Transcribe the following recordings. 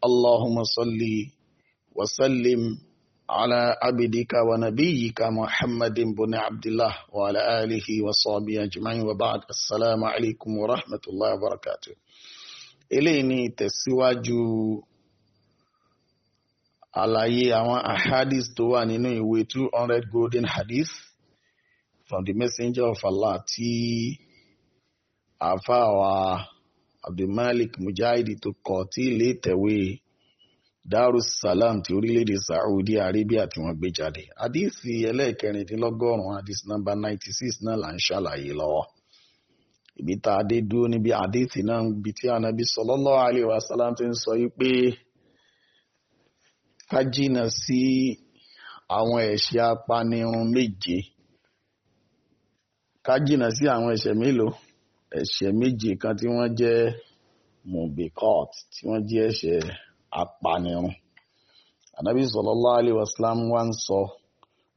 اللهم صل وسلم على عبدك ونبيك محمد بن عبد الله وعلى آله وصحبه أجمعين وبعد السلام عليكم ورحمة الله وبركاته eléyìí ni tẹ̀síwájú àlàyé àwọn ahadith tó wà nínú ìwé two hundred golden hadith from the messenger of Allah tí àfáà wa abdulmalik mujahidi tó kọ tí ilé ìtẹ̀wé darussalam ti orílẹ̀-èdè saudi arabia tí wọ́n gbé jáde àdíìsì ẹlẹ́ẹ̀kẹrìndínlọ́gọ́rùn-ún àdíìsì nọ́mbà ninety six náà là ń ṣàlàyé lọ́wọ́ ibi tá a dé dúró níbi àdíìsì náà ibi tí anabi sallallahu alaihi wasallam ti ń sọ yìí pé ká sí àwọn ẹ̀ṣẹ̀ apanirun méje ká sí àwọn ẹ̀ṣẹ̀ mélòó ẹ̀ṣẹ̀ méje kan tí wọ́n jẹ́ mubikot tí wọ́n jẹ́ ẹ̀ṣẹ̀ apanirun anabi sallallahu alaihi wasallam wa ń sọ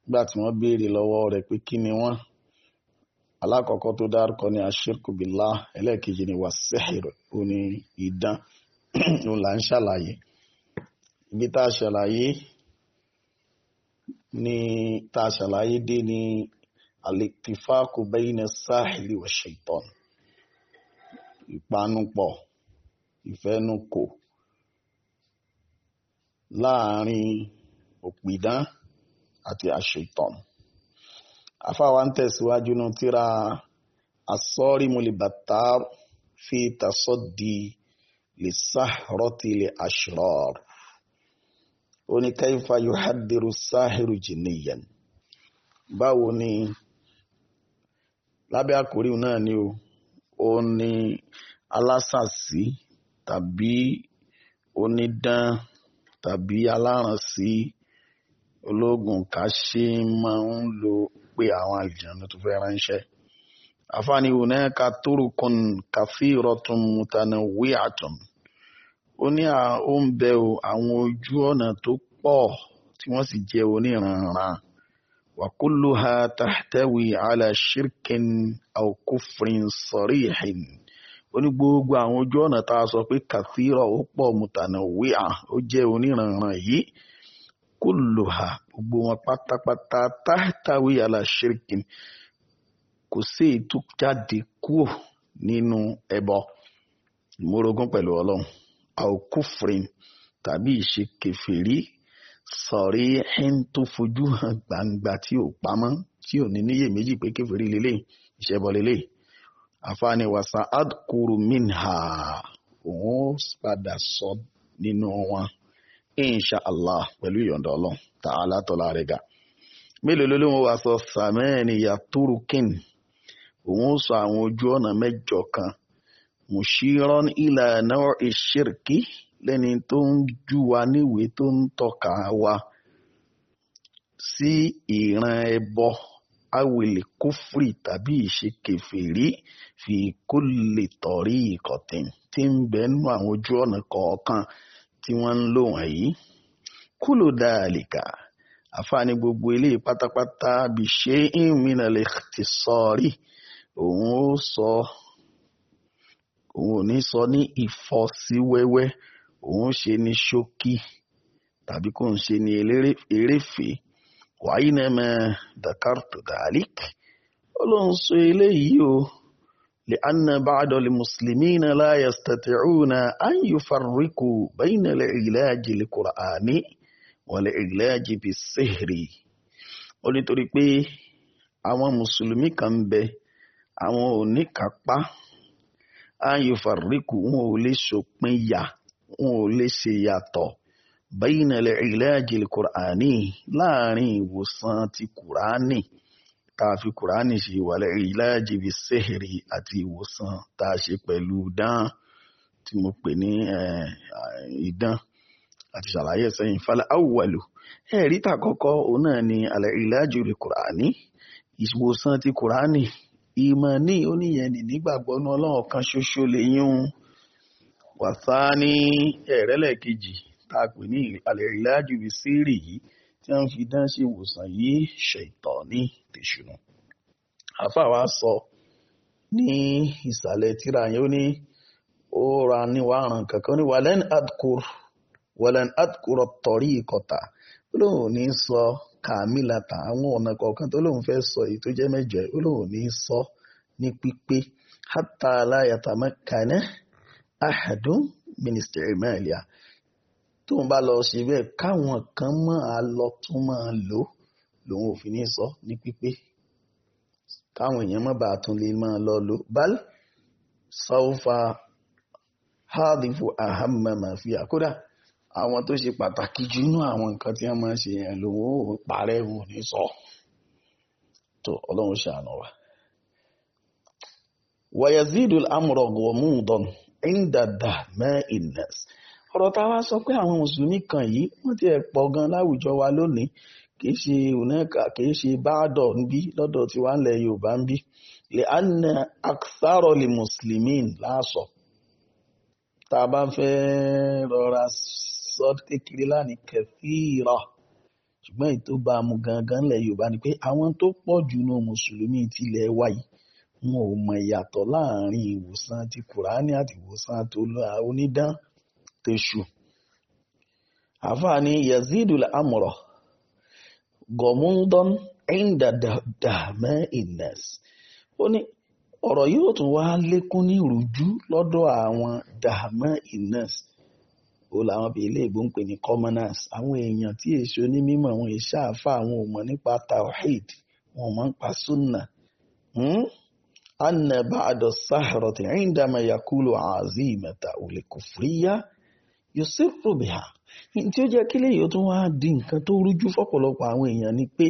nígbà tí wọ́n béèrè lọ́wọ́ rẹ̀ pé kí ni wọ́n alákọ̀ọ́kọ́ tó dárúkọ ní ashirku billah ni wasihir ó ní idán ló là ń ṣàlàyé ibi tá a ṣàlàyé ní tá a ṣàlàyé dé ní al-ittifaq bayna as-sahiri wa shaytan ìpanupọ̀ ìfẹnukò láàrin òpìdán àti àṣetàn afáwa ń tẹ̀síwájú nù tíra asọ́rí mulibata fi tasọ́di lè sáhọ́rọ́tì lè aṣọ́rọ́ ó ní kaifa yuhadiru sáhìrù jìnnìyàn báwo ni lábẹ́ àkórí náà ni o òun ni alásàsí tàbí onídán tàbí aláransí ológun kàṣe máa ń lo pé àwọn àlùjànnú tó fẹ́ ránṣẹ́ àfààní hunaka turukun kathiratun mutanawwi'atun ó ní à ń bẹ àwọn ojú ọ̀nà tó pọ̀ tí wọ́n sì jẹ́ oníranran وكلها تحتوي على شرك أو كفر صريح oní gbogbo àwọn ojú ọ̀nà tá a sọ pé kàfírọ̀ ó pọ̀ mùtànà wíà ó jẹ́ oníranran yìí kò lò ha gbogbo wọn pátápátá táhtàwí aláṣírìkì kò sí ètò jáde kúò nínú ẹbọ ìmúrogún pẹ̀lú ọlọ́run àòkúfrin tàbí ìṣe sọ̀rí ẹ̀ń tó fojú hàn gbangba tí ò pamọ́ tí ò ní níyè méjì pé kéferì lélẹ̀ ìṣẹ́bọ lélẹ̀ àfààní wàsà adkuru minha òun ó padà sọ nínú wọn insha allah pẹ̀lú ìyọ̀ǹda ọlọ́run tààlà tọ́lá rẹ̀ ga mélòó ló lóun wàá sọ sàmẹ́ẹ̀nì yàtúrúkìn òun ó sọ àwọn ojú ọ̀nà mẹ́jọ kan mùsíràn ìlànà ìṣirkì lẹ́ni tó ń jú wa níwèé tó ń tọ́ka wa sí ìran ẹbọ awèlè kófìrì tàbí ìṣekèfèrí fi kó lè tọ̀rí ìkọ̀tìn tí ń bẹ nínú àwọn ojú ọ̀nà kọ̀ọ̀kan tí wọ́n ń lò wọ̀nyí. kúlò dáàlìkà àfààní gbogbo ilé pátápátá bí ṣe ń lè ti sọrí òun ò ní sọ ní ìfọ́síwẹ́wẹ́ òun ṣe ní ṣókí tàbí kò ń ṣe ní eréfèé wàyí náà mẹ dakartu dalik ó ló ń sọ eléyìí o lè anna ba'da lè mùsùlùmí na láyà stati'una an yufarriqu bayna lè ìlàjì lè kùránì wà lè ìlàjì bí sihri ó nítorí pé àwọn mùsùlùmí kan bẹ àwọn ò ní kápá an yufarriqu wọn ò lè ṣòpin yà n ò lè ṣe yàtọ̀ bayna al-ilaji al-Qur'ani láàrin ìwòsàn ti Kùránì tá a fi Kùránì ṣe wal-ilaji bis-sihri àti ìwòsàn tá a ṣe pẹ̀lú dán tí mo pè ní eh, idán àti ṣàlàyé sẹ́yìn fala awwalu ẹ̀rí tàkọ́kọ́ òun náà ni al-ilaji al-Qur'ani ìwòsàn ti Kùránì ìmọ̀ ní oníyẹn ní ọlọ́run kan ṣoṣo lè yún un wàsá ní ẹ̀rẹ́lẹ̀ kejì tá a pè ní àlẹ́rìláàjù bí sírì yìí tí wọ́n fi dán ṣe ìwòsàn yìí ṣètọ̀ ní tèṣùnà àfáà wa sọ ní ìsàlẹ̀ tíra yẹn ó ní ó ra níwá àrùn kankan ní wàlẹ́n adkur wàlẹ́n adkur tọ̀rí ìkọ̀tà ó lóun ní sọ kàmílàtà àwọn ọ̀nà kọ̀ọ̀kan tó lóun fẹ́ sọ èyí tó jẹ́ mẹ́jọ ó lóun ní sọ ní pípé hátà aláyàtàmẹ́kànnẹ́ ahadun minister emilia tó ń bá lọ ṣe bẹ́ẹ̀ káwọn kan máa lọ tún máa lò lòun ò fi ní sọ ní pípé káwọn èèyàn má bàa tún lè máa lọ lò bal sọ́fà hadifu ahamma mafia kódà àwọn tó ṣe pàtàkì jù nínú àwọn nǹkan tí wọ́n máa ń ṣe yẹn lòun ò parẹ́ wò ní sọ tó ọlọ́run ṣàánú wa wàyẹ̀zídùl amúrọ̀gùn ọ̀múndọ̀nù ìndàdà mẹ́ìnẹ̀s. ọ̀rọ̀ tá a wá sọ pé àwọn mùsùlùmí kan yìí wọ́n ti ẹ̀ pọ̀ gan láwùjọ wa lónìí kìí ṣe onáka kìí ṣe báàdọ̀ nbí lọ́dọ̀ tí wàá lẹ̀ yorùbá nbí lè á na aktharo lè mùsùlùmí láàsọ̀ tá a bá fẹ́ rọra sọ kékeré lánìí kẹfìrà ṣùgbọ́n èyí bá a mú gangan lẹ̀ yorùbá ni pé àwọn tó pọ̀ jù nù mùsùlùmí tilẹ̀ wáyìí wọn ò mọ ìyàtọ̀ láàrin ìwòsàn ti kùránì àti ìwòsàn tó onídán tẹ̀sù àfààní yazidul amọ̀rọ̀ gọ̀múndọ́n ẹ̀ńdàdàmẹ́ ìnẹ̀s ó ní ọ̀rọ̀ yóò tún wá lékún ní ìrújú lọ́dọ̀ àwọn dàmẹ́ ìnẹ̀s ó làwọn bíi ilé ìbò ń pè ní commoners àwọn èèyàn tí èso ní mímọ̀ àwọn ìṣáàfà àwọn ò mọ̀ nípa tawhid wọn ò mọ̀ nípa sunnah. Hmm? anna ba'da sahrati indama yakulu azimata olèkùfúríyá yusiru biha tí ó jẹ́ kí lèyìn tó wá di nǹkan tó rújú fọ́pọ̀lọpọ̀ àwọn èèyàn ni pé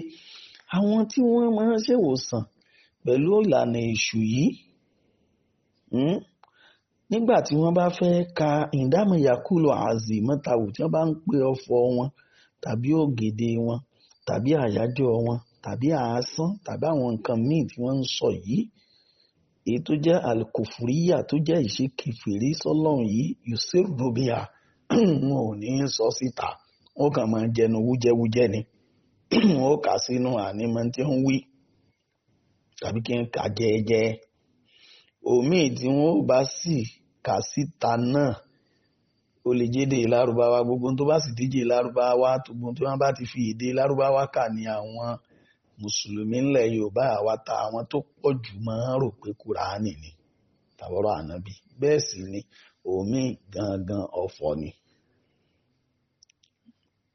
àwọn tí wọ́n máa ń ṣèwòsàn pẹ̀lú ìlànà èṣù yìí hmm, nígbà tí wọ́n bá fẹ́ ka ìdámọ̀ yakulu azimatawu tí wọ́n bá ń pe ọfọ̀ wọn tàbí ògèdè wọn tàbí àyájọ́ wọn tàbí àásán tàbí àwọn nǹkan míì tí wọ́n ń sọ yìí èyí tó jẹ́ alkufuriya tó jẹ́ ìṣekèfèrè sọ́lọ́run yìí yusuf rubia wọn ò ní sọ síta wọn kàn máa jẹnu wújẹwújẹ ni wọn ò kà sínú àní máa ti ń wí tàbí kí n kà jẹẹjẹ òmíì tí wọn ò bá sì kà síta náà ó lè jédè lárúbáwá gbogbo tó bá sì díje lárúbáwá gbogbo tí wọn bá ti fi èdè lárúbáwá kà ní àwọn mùsùlùmí ńlẹ̀ yorùbá àwa ta àwọn tó pọ jù máa ń rò pé kúránì ni tàbọrọ ànábì bẹ́ẹ̀ sì ni omi gangan ọfọ ni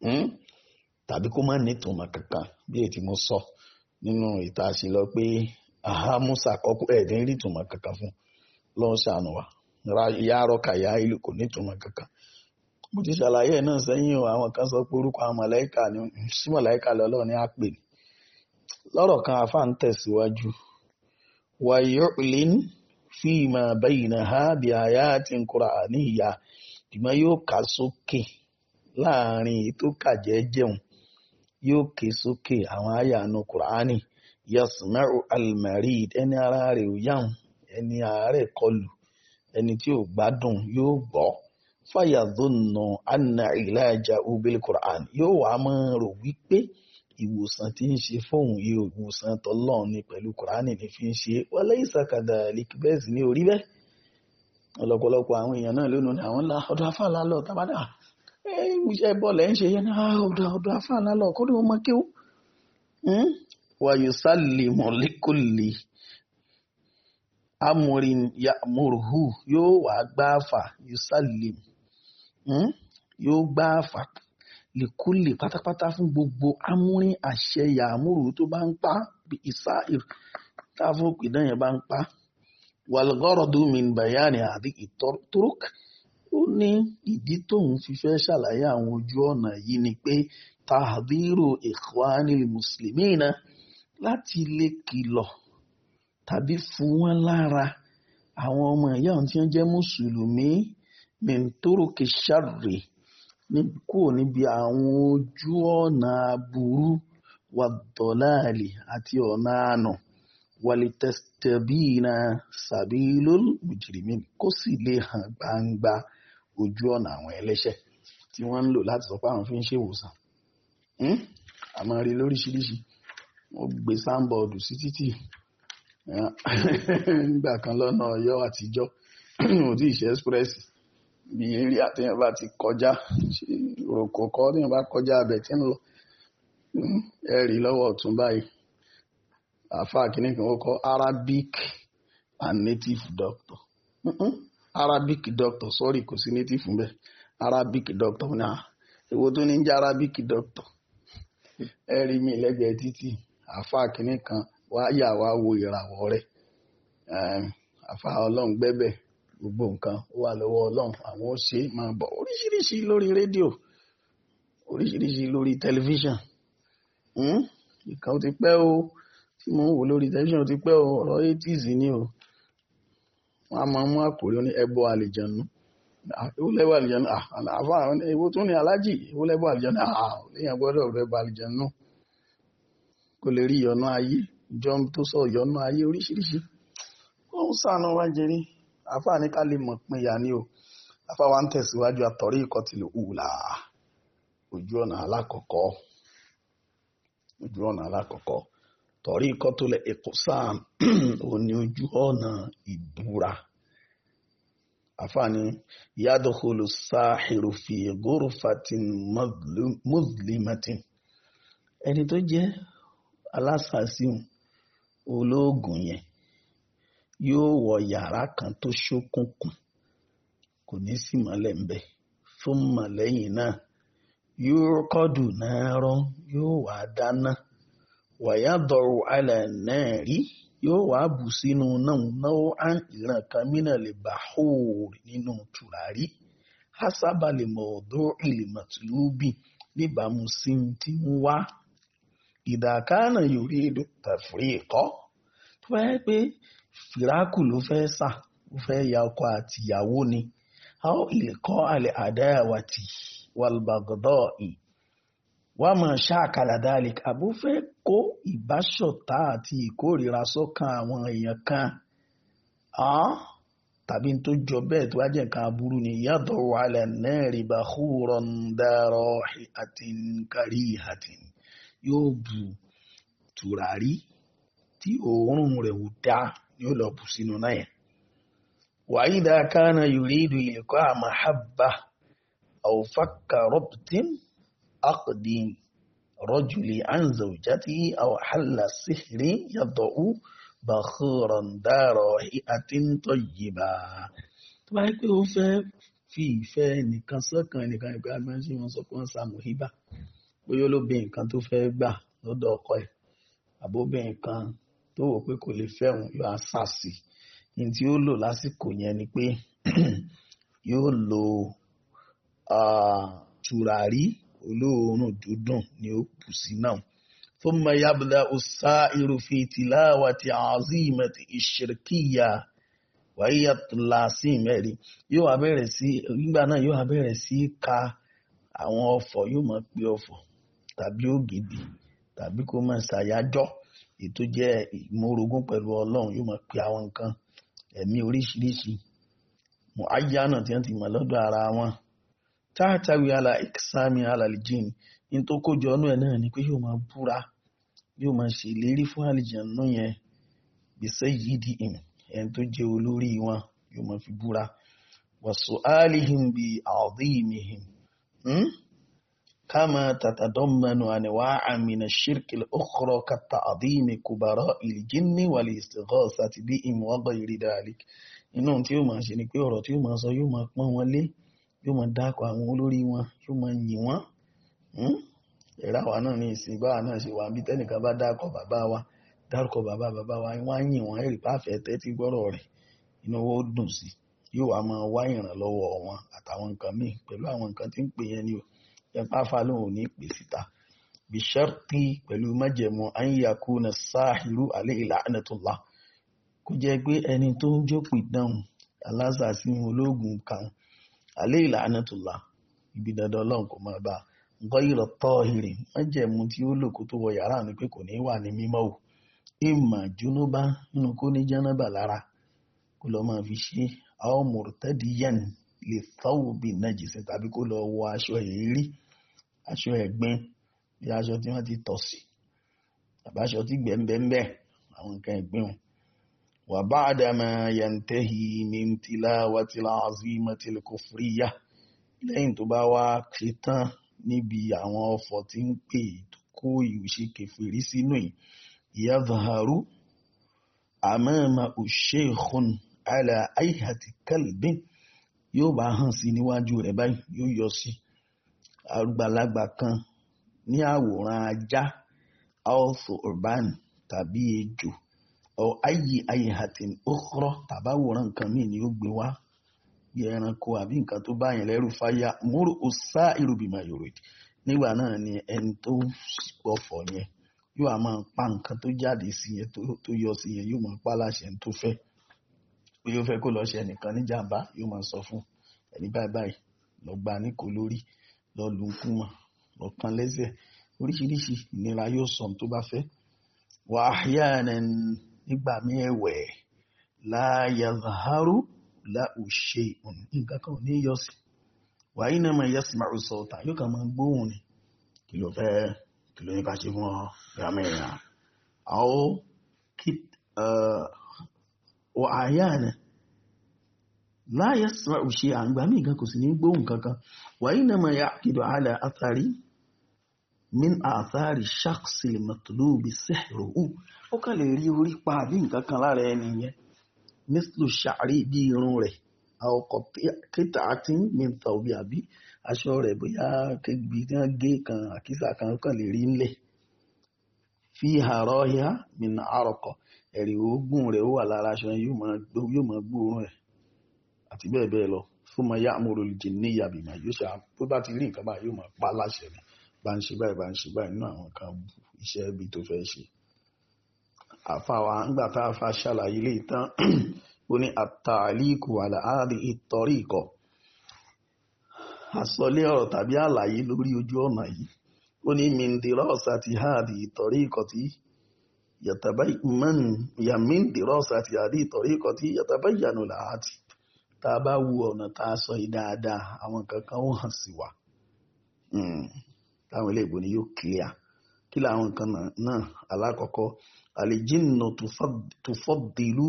hmm? tàbí kó má nítumọ̀ kankan bí ètí mo sọ nínú ìta lọ pé ahamusa kọ́kọ́ ẹ̀dín rí fún wa yàrá kàyà ìlú kò kankan mo ti ṣàlàyé náà o àwọn kan sọ pé lọ́rọ̀ kan àfáà ń tẹ̀síwájú wàyúlín fíìmà bẹ́yìnà ha bí àyà àti nkura àníyà ìgbọ́n yóò kà sókè láàrin ètò kàjẹ́ jẹun yóò ké sókè àwọn àyà nu kùránì yasmau almarid ẹni ara rẹ̀ ò yáhùn ẹni àárẹ̀ kọlù ẹni tí ò gbádùn yóò gbọ́ fàyàdùnà anna ìlàjà ubil quran yóò wá mọ́ rò wípé ìwòsàn tí ń ṣe fóun yìí ìwòsàn tọlọ́run ni pẹ̀lú kùránì ní fi ń ṣe wọlé ìsàkàdà likibẹ́ẹ̀sì ní orí bẹ́ẹ̀ ọ̀lọ́pọ̀lọpọ̀ àwọn èèyàn náà lónìí ni àwọn ọ̀dọ̀ afáàlá lọ tábàdà iṣẹ́ bọ́ọ̀lù ẹ̀ ń ṣe yẹn ní ọ̀dọ̀ ọ̀dọ̀ afáàlá lọ kó ní wọn mọ kéwú hmm? wàyò sálì mọ̀lẹ́kùlì amúrin yàmùrùhù yóò wá gbáfà hmm? yóò sálì yóò gbáfà lèkúlè pátápátá fún gbogbo amúrin àṣẹ yàmúrù tó bá ń pa ìsá táfóòkù náà yẹn bá ń pa wàlgọ́rọ̀dù min bayani àti ìtọ́rọ̀k ó ní ìdí tóun fi fẹ́ ṣàlàyé àwọn ojú ọ̀nà yìí ni pé tahdiru ikhwanil muslimina láti lè kìlọ̀ tàbí fún wọn lára àwọn ọmọ ìyá ọ̀hún tí wọ́n jẹ́ mùsùlùmí mẹ́ńtòrókè ṣàrè kúrò níbi àwọn ojú ọ̀nà aburú wàdọ̀láàlì àti ọ̀nà àánú wàlítẹ̀sítẹ̀bìnà sàbílòl mùjìrìmìn kó sì lè hàn gbangba ojú ọ̀nà àwọn ẹlẹ́ṣẹ̀ tí wọ́n ń lò láti sọ pé àwọn fi ń ṣèwòsàn àmọ́ hmm? rí lóríṣiríṣi wọ́n gbé sáńbọ̀ọ̀dù sí títì nígbà kan lọ́nà ọ̀yọ́ àtijọ́ òdì ìṣẹ́ ẹ́sprẹ́sì Bi iri ati bá ti kọjá ròkò kọ́ tẹ̀yìn bá kọjá abẹ̀ tí ń lọ hmm, ẹ̀rí lọ́wọ́ ọ̀tún báyìí àfa kìíní kan Arabic and native doctor Arabic doctor sorry kò sí native mbẹ Arabic doctor ní èwo tó ní Arabic doctor ẹ̀rí mi lẹ́gbẹ̀ẹ́ títì àfa kìíní kan wáyà wá wo ìràwọ̀ rẹ̀ àfa ọlọ́run gbogbo nǹkan ó wà lọ́wọ́ ọlọ́run àwọn ó ṣe máa bọ̀ oríṣiríṣi lórí rédíò oríṣiríṣi lórí tẹlifíṣàn hmm? ìkan ti pẹ́ o tí mò ń wò lórí tẹlifíṣàn ti pẹ́ o ọ̀rọ̀ eighties ni o wọ́n á máa mú àkòrí ní ẹbọ àlìjànú ewu lẹ́bọ̀ àlìjànú àfa ewu tún ní alájì ewu lẹ́bọ̀ àlìjànú lèèyàn gbọ́dọ̀ rẹ bọ àlìjànú kò lè rí ìyọnú ayé ìjọ tó sọ ìyọnú ayé oríṣiríṣi ó ń sànù wájẹrí àfa ní ká lè mọ̀ pin ìyá ni o afa wa ń tẹ̀síwájú àtọ̀rí ikọ̀ tìlẹ̀ òwúlà ojú ọ̀nà alákọ̀ọ́kọ́ ojú ọ̀nà alákọ̀ọ́kọ́ tọ̀rí ikọ̀ tó lẹ̀ èkó sáà òní ojú ọ̀nà ìbúra fi ẹni tó jẹ́ yóò wọ yàrá kan tó ṣókùnkùn kò ní sí mọ́lẹ̀ ń bẹ̀ fún mọ̀lẹ́yìn náà yóò kọ́dù náà rán yóò wá dáná wàyà dọ̀rọ̀ alẹ́ náà rí yóò wá bù sínú náà náà á ìran kan mìíràn lè bà hóòrì nínú tùràrí ìlìmọ̀tìlúbì níbàámu sí ti ń wá ìdàkánà tàfírí kọ́ tó bá yẹ pé fìrákù ló fẹ́ sà ó fẹ́ ya ọkọ àti ìyàwó ni a ó lè kọ́ àlẹ́ àdáyàwàtì wàlùbàgọ́dọ̀ ì wá máa ṣáàkàlà dáàlì àbó fẹ́ kó ìbáṣọ̀tá àti ìkórìíra sọ́kàn àwọn èèyàn kan tàbí tó jọ bẹ́ẹ̀ tó wá jẹ́ nǹkan aburú ni yàtọ̀ wàlẹ̀ náà rìbá húrọ̀ ń dárọ̀ àti kárí àti yóò bu tùràrí tí òórùn rẹ̀ ò dáa ni ó lọ bù sínú náà yẹn. wàyídà kánà yuridu ilẹ̀kọ́ àmàhábà àwòfàkà rọ́pùtín àkùdín rọ́jùlì àǹzàwùjátì àwòhálà síhìrì yàtọ̀ ú bàkúrọ̀ dárọ̀ àti tọ́yìbà. tó bá yẹ pé ó fẹ́ fi ìfẹ́ nìkan sọ́kàn nìkan ìgbà máa ń wọn sọ pé wọ́n ṣàmùhíbà bóyá ló bí nǹkan tó fẹ́ gbà lọ́dọ̀ ọkọ ẹ̀ àbóbìnrin kan tó wò pé kò lè fẹ́ òun yóò àṣàṣì ní tí ó lò lásìkò yẹn ni pé yóò lo tùràrí olóòórùn dúdùn ni ó bù sí náà fún mayabla usa irúfẹ́ tìláwà ti azimẹ̀ ti ìṣirkíyà wàyíyà tùlàsí mẹ́rin yóò wá bẹ̀rẹ̀ sí nígbà náà yóò wá bẹ̀rẹ̀ sí ka àwọn ọfọ̀ yóò máa pe ọfọ̀ tàbí ògidì tàbí kó máa ṣàyájọ́ ètò jẹ́ ìmórogún pẹ̀lú ọlọ́run yóò máa pe àwọn nǹkan ẹ̀mí oríṣiríṣi mọ̀ ayá náà tí wọ́n ti mọ̀ lọ́dọ̀ ara wọn táàtàwí ala ìsámi alàlìjìn ní tó kójọ ọnú ẹ̀ náà ni pé yóò máa búra yóò máa ṣe ìlérí fún àlìjànnú yẹn gbèsè yìí di ìm ẹn tó jẹ́ olórí wọn yóò máa fi búra wàsó alihim bíi àdéhìmihim hmm? كما تتضمن أنواعا من الشرك الأخرى كالتعظيم كبراء الجن والاستغاثة بهم وغير ذلك inú tí yóò máa ṣe ni pé ọ̀rọ̀ tí yóò máa sọ yóò máa pọ́n wọn lé yóò máa dákọ̀ àwọn olórí wọn yóò máa yìn wọ́n hmm? ẹ̀rá wa náà ní ìsìn báwa náà ṣe wà bí tẹ́nìkan bá dákọ̀ bàbá wa dárúkọ bàbá bàbá wa wọ́n á yìn wọ́n ẹ̀rì pàfẹ́ tẹ́tí gbọ́rọ̀ rẹ̀ inú owó dùn sí yóò wá máa wá ìrànlọ́wọ́ wọn àtàwọn nǹkan míì pẹ̀lú àwọn nǹkan tí ń pè yẹn ni o. ẹ̀páfà lóun ò ní pè síta bisharti pẹ̀lú májẹ̀mú anyakú na sáàhìrú alẹ́ ìlànàtòlá kò jẹ́ pé ẹni tó ń ológun kan alẹ́ ìlànàtòlá ibi dandan ọlọ́run kò máa bá gọ́yìrọ̀ tọ́hìrì tí ó lò kó tó wọ yàrá ni pé kò ní wà ní mímọ́ o ìmọ̀ nínú kó ní lára kó lọ́ aṣọ ẹ̀gbin bí aṣọ tí wọ́n ti tọ̀ sí àbáṣọ tí gbẹ̀ǹbẹ̀ǹbẹ̀ àwọn nǹkan ẹ̀gbin wọn. wà bá àdàmà yantahi min tilawati al-azimati al-kufriya lẹ́yìn tó bá wá ṣe tán níbi àwọn ọ̀fọ̀ tí ń pè tó kó ìwúṣe kẹfìrí sínú yìí yadharu amama shaykhun ala ayhati kalbin yóò bá hàn sí níwájú rẹ̀ báyìí yóò yọ sí i àgbàlagbà kan ní àwòrán ajá also urban tàbí ejò or ayi ayi hatin okoro tàbáwòrán nǹkan míì ni ó gbé wá bí ẹranko àbí nǹkan tó bá yẹn lẹ́rù fáyà múrò ọ̀sá ìrùbìmọ̀ yòròdì nígbà náà ni ẹni tó gbọ́fọ̀ yẹn yóò máa pa nǹkan tó jáde sí yẹn tó yọ sí yẹn yóò máa pa láṣẹ tó fẹ́ pé yóò fẹ́ kó lọ ṣe ẹnìkan níjàmbá yóò máa sọ fún ẹni báyìí báyìí lọ ní kò lórí lọ lu fún wọn ọ̀kan lẹ́sẹ̀ oríṣiríṣi ìnira yóò sọ tó bá fẹ́ wà á yá ẹni nígbà mí ẹ̀wẹ̀ láàyè zaharu láòṣe nǹkan kan ní yọ̀sìn wà á iná máa yẹ́sìn máa sọ ọ̀tà yóò kàn máa gbóhùn ni kí ló fẹ́ kí ló ní ká ṣe fún ọ ìyàmẹ́ ìyàn àwọn kí wà á láyé sọ́rọ̀ òṣè àgbà mí kò sì ní gbóhùn kankan wàyí náà mọ̀ ya kìdọ̀ alẹ́ àtàrí min àtàrí ṣàkṣì ó ó lè rí kan lára kan gé lè rí fi àárọ̀ ya min àrọ̀kọ̀ ẹ̀rí oògùn rẹ̀ ó wà lára aṣọ yóò àti bẹ́ẹ̀ bẹ́ẹ̀ lọ fún ma yá àmúrò lìjì ní ìyàbí mà yóò ṣe tó bá ti rí nǹkan báyìí yóò máa pa láṣẹ ni bá ń ṣe báyìí bá ń ṣe báyìí nínú àwọn kan iṣẹ́ ibi tó fẹ́ ṣe. àfàwà ńgbà tá a fa ṣàlàyé lè tán ó ní àtàlíkù àlàáàdì ìtọ́rí ìkọ̀ àsọlé ọ̀rọ̀ tàbí àlàyé lórí ojú ọ̀nà yìí ó ní mìndírọ́ọ̀sì àti háàdì ìtọ́rí ìkọ̀ tí yàtàbá ìmọ̀nù yàmìndírọ́ọ̀sì àti háàdì ìtọ́rí ìkọ̀ tí yàtàbá ìyànù làádìí tá a bá wo ọ̀nà tá a sọ yìí dáadáa àwọn nǹkan kan ó hàn sí wa hmm. táwọn iléègbò ni yóò clear kí làwọn nǹkan náà alákọ̀ọ́kọ́ àlejínà tùfọ́dìlú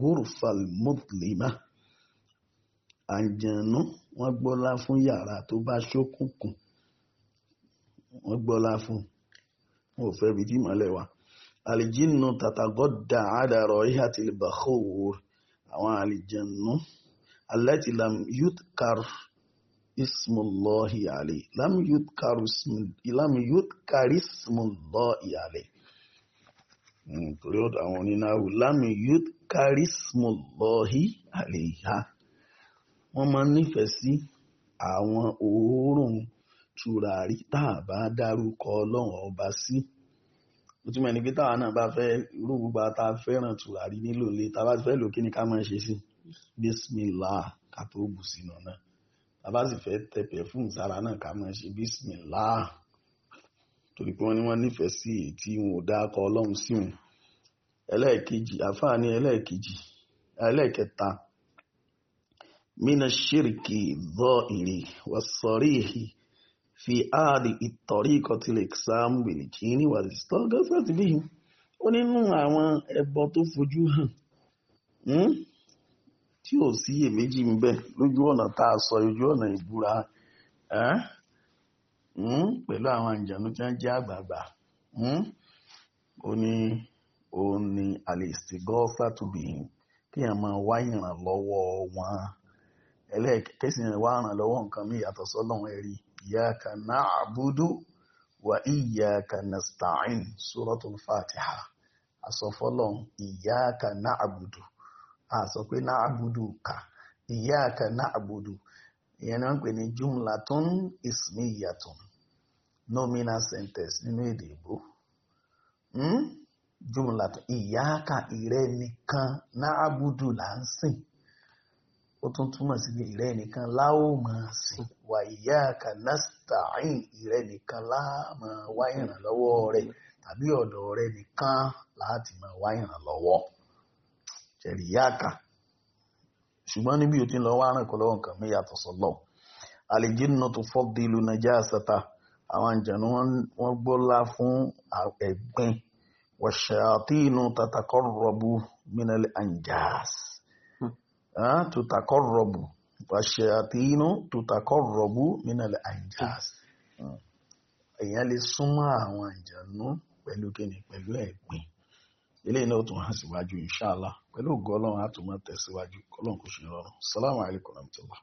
gòrùfàl mọ́tìlémà àjànú wọ́n gbọ́lá fún yàrá tó bá ṣókùnkùn wọ́n gbọ́lá fún wọn ò fẹ́ bi tí mọ́lẹ̀ wa àlejínà tàtàgọ́dà àdàrọ̀ ìhàtìlẹ̀ bàkọ́ òwúrọ̀ àwọn àlìjẹ̀nú allati lam yudkar ismullahi alayhi lam yudkar ismullahi alayhi hmm, torí ọ̀dọ̀ àwọn onínáwó lam yudkar ismullahi alayha wọ́n máa ń nífẹ̀ẹ́ sí àwọn òórùn tùràrí tá a bá dárúkọ ọlọ́run ọba sí. Si ó túmọ̀ ní pé táwa náà bá fẹ́ irú gbogbo ata fẹ́ràn tùràrí nílò lé tá a bá fẹ́ lò kí ni ká máa ṣe sí bísmìlá ká tó bù sínú náà tá sì fẹ́ tẹ pẹ̀fúmù sára náà ká máa ṣe bísmìlá torí pé wọ́n ní wọ́n nífẹ̀ẹ́ sí èyí wọn ò dákọ ọlọ́run sí wọn ẹlẹ́ẹ̀kejì àfáàní ẹlẹ́ẹ̀kejì ẹlẹ́ẹ̀kẹta mina ṣírìkì zọ ìrì wọ́n sọrí èyí fi áàdì ìtọ̀ríkọ̀ ti lè sáàmù bìlìkì ní wàzìsítọ́ gọ́sàtì bí i ó nínú àwọn ẹbọ tó fojú hàn hmm, tí ò sí èméjì ń bẹ lójú ọ̀nà tá a sọ ojú ọ̀nà ìbúra eh, hmm, pẹ̀lú àwọn àjànú tí wọ́n jẹ́ àgbààgbà hmm, ó ní ó ní àlèsí gọ́sàtì kí èèyàn máa iyyaka na'budu wa iyyaka nasta'in suratul fatiha àsọfọ́lọ́n iyyaka na'budu àsọ pé na'budu ka iyyaka na'budu ìyẹn náà ń pè ní jumlatun ismiyatun nominal sentence nínú èdè ìbò hmm? jumlatun iyyaka ìrẹ́ nìkan na'budu là ń ó tún túmọ̀ sí pé ìrẹ́ nìkan láò máa sìn wà ìyá kanastain ìrẹ́ nìkan láàmà wá ìrànlọ́wọ́ rẹ̀ tàbí ọ̀dọ̀ rẹ̀ nìkan láti máa wá ìrànlọ́wọ́ ṣẹ̀ríyáàkà ṣùgbọ́n níbi ò ti lọ wá ràn lọ́wọ́ nǹkan mi yàtọ̀ sọ́lọ́ àlejínà tó fọ́dí ìlú nàìjíríà sẹ́ta àwọn àjànú wọn gbọ́lá fún ẹ̀gbin wọ̀ṣàtínú tatakọ́rọ̀bù mínálẹ̀ àǹjáàsì Ah, tutakorrobu wàṣàtínú tutakorrobu ati anjas ah. èèyàn lè súnmọ́ àwọn àjànú pẹ̀lú kíni pẹ̀lú ẹ̀gbìn eléyìí náà tún hàn síwájú inshallah pẹ̀lú ògo Ọlọ́run á tún máa tẹ̀síwájú kọ́lọ́n kò rọrùn salamu alaykum wa